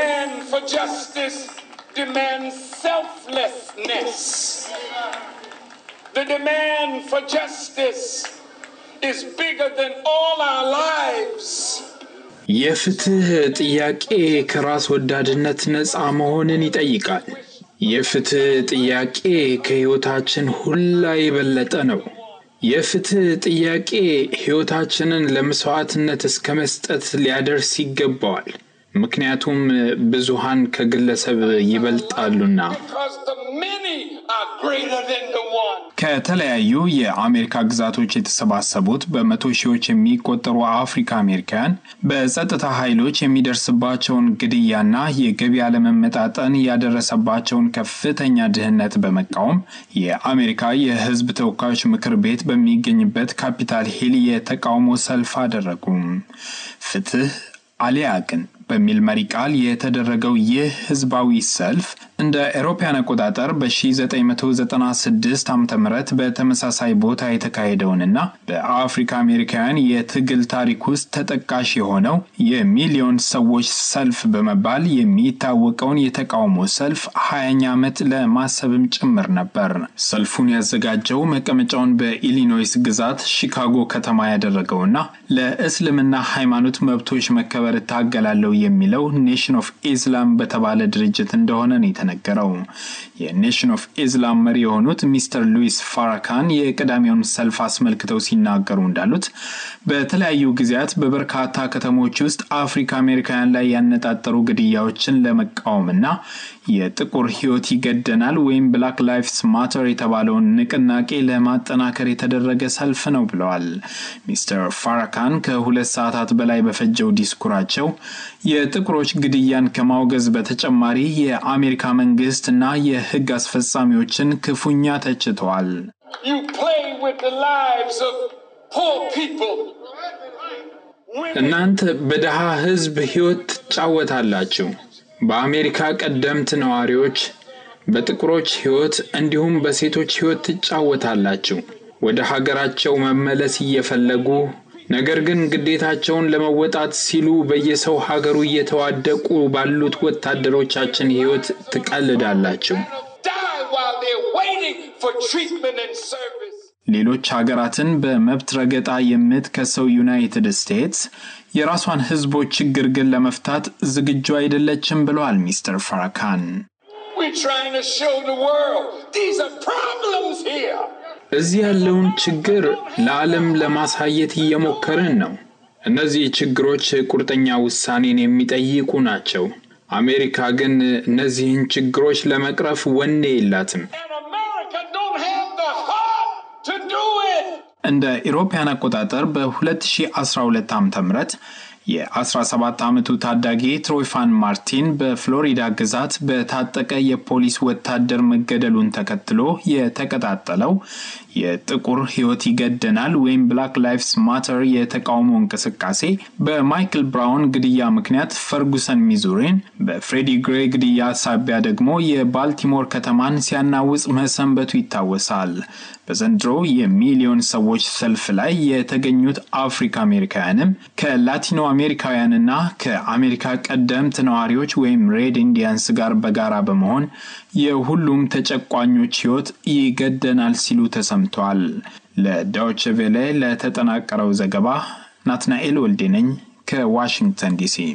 demand for justice demands selflessness. The demand for justice is bigger than all our lives. የፍትህ ጥያቄ ከራስ ወዳድነት ነፃ መሆንን ይጠይቃል። የፍትህ ጥያቄ ከሕይወታችን ሁላ የበለጠ ነው። የፍትህ ጥያቄ ሕይወታችንን ለመስዋዕትነት እስከ መስጠት ሊያደርስ ይገባዋል። ምክንያቱም ብዙሃን ከግለሰብ ይበልጣሉና። ከተለያዩ የአሜሪካ ግዛቶች የተሰባሰቡት በመቶ ሺዎች የሚቆጠሩ አፍሪካ አሜሪካውያን በጸጥታ ኃይሎች የሚደርስባቸውን ግድያና የገቢ አለመመጣጠን ያደረሰባቸውን ከፍተኛ ድህነት በመቃወም የአሜሪካ የሕዝብ ተወካዮች ምክር ቤት በሚገኝበት ካፒታል ሂል የተቃውሞ ሰልፍ አደረጉ። ፍትህ አሊያ ግን በሚል መሪ ቃል የተደረገው ይህ ህዝባዊ ሰልፍ እንደ አውሮፓውያን አቆጣጠር በ1996 ዓ ም በተመሳሳይ ቦታ የተካሄደውንና በአፍሪካ አሜሪካውያን የትግል ታሪክ ውስጥ ተጠቃሽ የሆነው የሚሊዮን ሰዎች ሰልፍ በመባል የሚታወቀውን የተቃውሞ ሰልፍ 20ኛ ዓመት ለማሰብም ጭምር ነበር። ሰልፉን ያዘጋጀው መቀመጫውን በኢሊኖይስ ግዛት ሺካጎ ከተማ ያደረገውና ለእስልምና ሃይማኖት መብቶች መከበር እታገላለሁ የሚለው ኔሽን ኦፍ ኢስላም በተባለ ድርጅት እንደሆነ ነው የተነገረው። የኔሽን ኦፍ ኢስላም መሪ የሆኑት ሚስተር ሉዊስ ፋራካን የቅዳሜውን ሰልፍ አስመልክተው ሲናገሩ እንዳሉት በተለያዩ ጊዜያት በበርካታ ከተሞች ውስጥ አፍሪካ አሜሪካውያን ላይ ያነጣጠሩ ግድያዎችን ለመቃወምና የጥቁር ሕይወት ይገደናል ወይም ብላክ ላይፍስ ማተር የተባለውን ንቅናቄ ለማጠናከር የተደረገ ሰልፍ ነው ብለዋል። ሚስተር ፋራካን ከሁለት ሰዓታት በላይ በፈጀው ዲስኩራቸው የጥቁሮች ግድያን ከማውገዝ በተጨማሪ የአሜሪካ መንግስት እና የህግ አስፈጻሚዎችን ክፉኛ ተችተዋል። እናንተ በድሃ ህዝብ ህይወት ትጫወታላችሁ። በአሜሪካ ቀደምት ነዋሪዎች በጥቁሮች ህይወት እንዲሁም በሴቶች ህይወት ትጫወታላችሁ። ወደ ሀገራቸው መመለስ እየፈለጉ ነገር ግን ግዴታቸውን ለመወጣት ሲሉ በየሰው ሀገሩ እየተዋደቁ ባሉት ወታደሮቻችን ሕይወት ትቀልዳላችሁ። ሌሎች ሀገራትን በመብት ረገጣ የምትከሰው ዩናይትድ ስቴትስ የራሷን ህዝቦች ችግር ግን ለመፍታት ዝግጁ አይደለችም ብለዋል ሚስተር ፋራካን። እዚህ ያለውን ችግር ለዓለም ለማሳየት እየሞከርን ነው። እነዚህ ችግሮች ቁርጠኛ ውሳኔን የሚጠይቁ ናቸው። አሜሪካ ግን እነዚህን ችግሮች ለመቅረፍ ወኔ የላትም። እንደ ኢሮፓያን አቆጣጠር በ2012 ም የ17 ዓመቱ ታዳጊ ትሮይፋን ማርቲን በፍሎሪዳ ግዛት በታጠቀ የፖሊስ ወታደር መገደሉን ተከትሎ የተቀጣጠለው የጥቁር ሕይወት ይገደናል ወይም ብላክ ላይፍስ ማተር የተቃውሞ እንቅስቃሴ በማይክል ብራውን ግድያ ምክንያት ፈርጉሰን ሚዙሪን፣ በፍሬዲ ግሬ ግድያ ሳቢያ ደግሞ የባልቲሞር ከተማን ሲያናውጽ መሰንበቱ ይታወሳል። በዘንድሮ የሚሊዮን ሰዎች ሰልፍ ላይ የተገኙት አፍሪካ አሜሪካውያንም ከላቲኖ አሜሪካውያንና ከአሜሪካ ቀደምት ነዋሪዎች ወይም ሬድ ኢንዲያንስ ጋር በጋራ በመሆን የሁሉም ተጨቋኞች ሕይወት ይገደናል ሲሉ ተሰምተዋል። ለዶይቼ ቬለ ለተጠናቀረው ዘገባ ናትናኤል ወልዴ ነኝ ከዋሽንግተን ዲሲ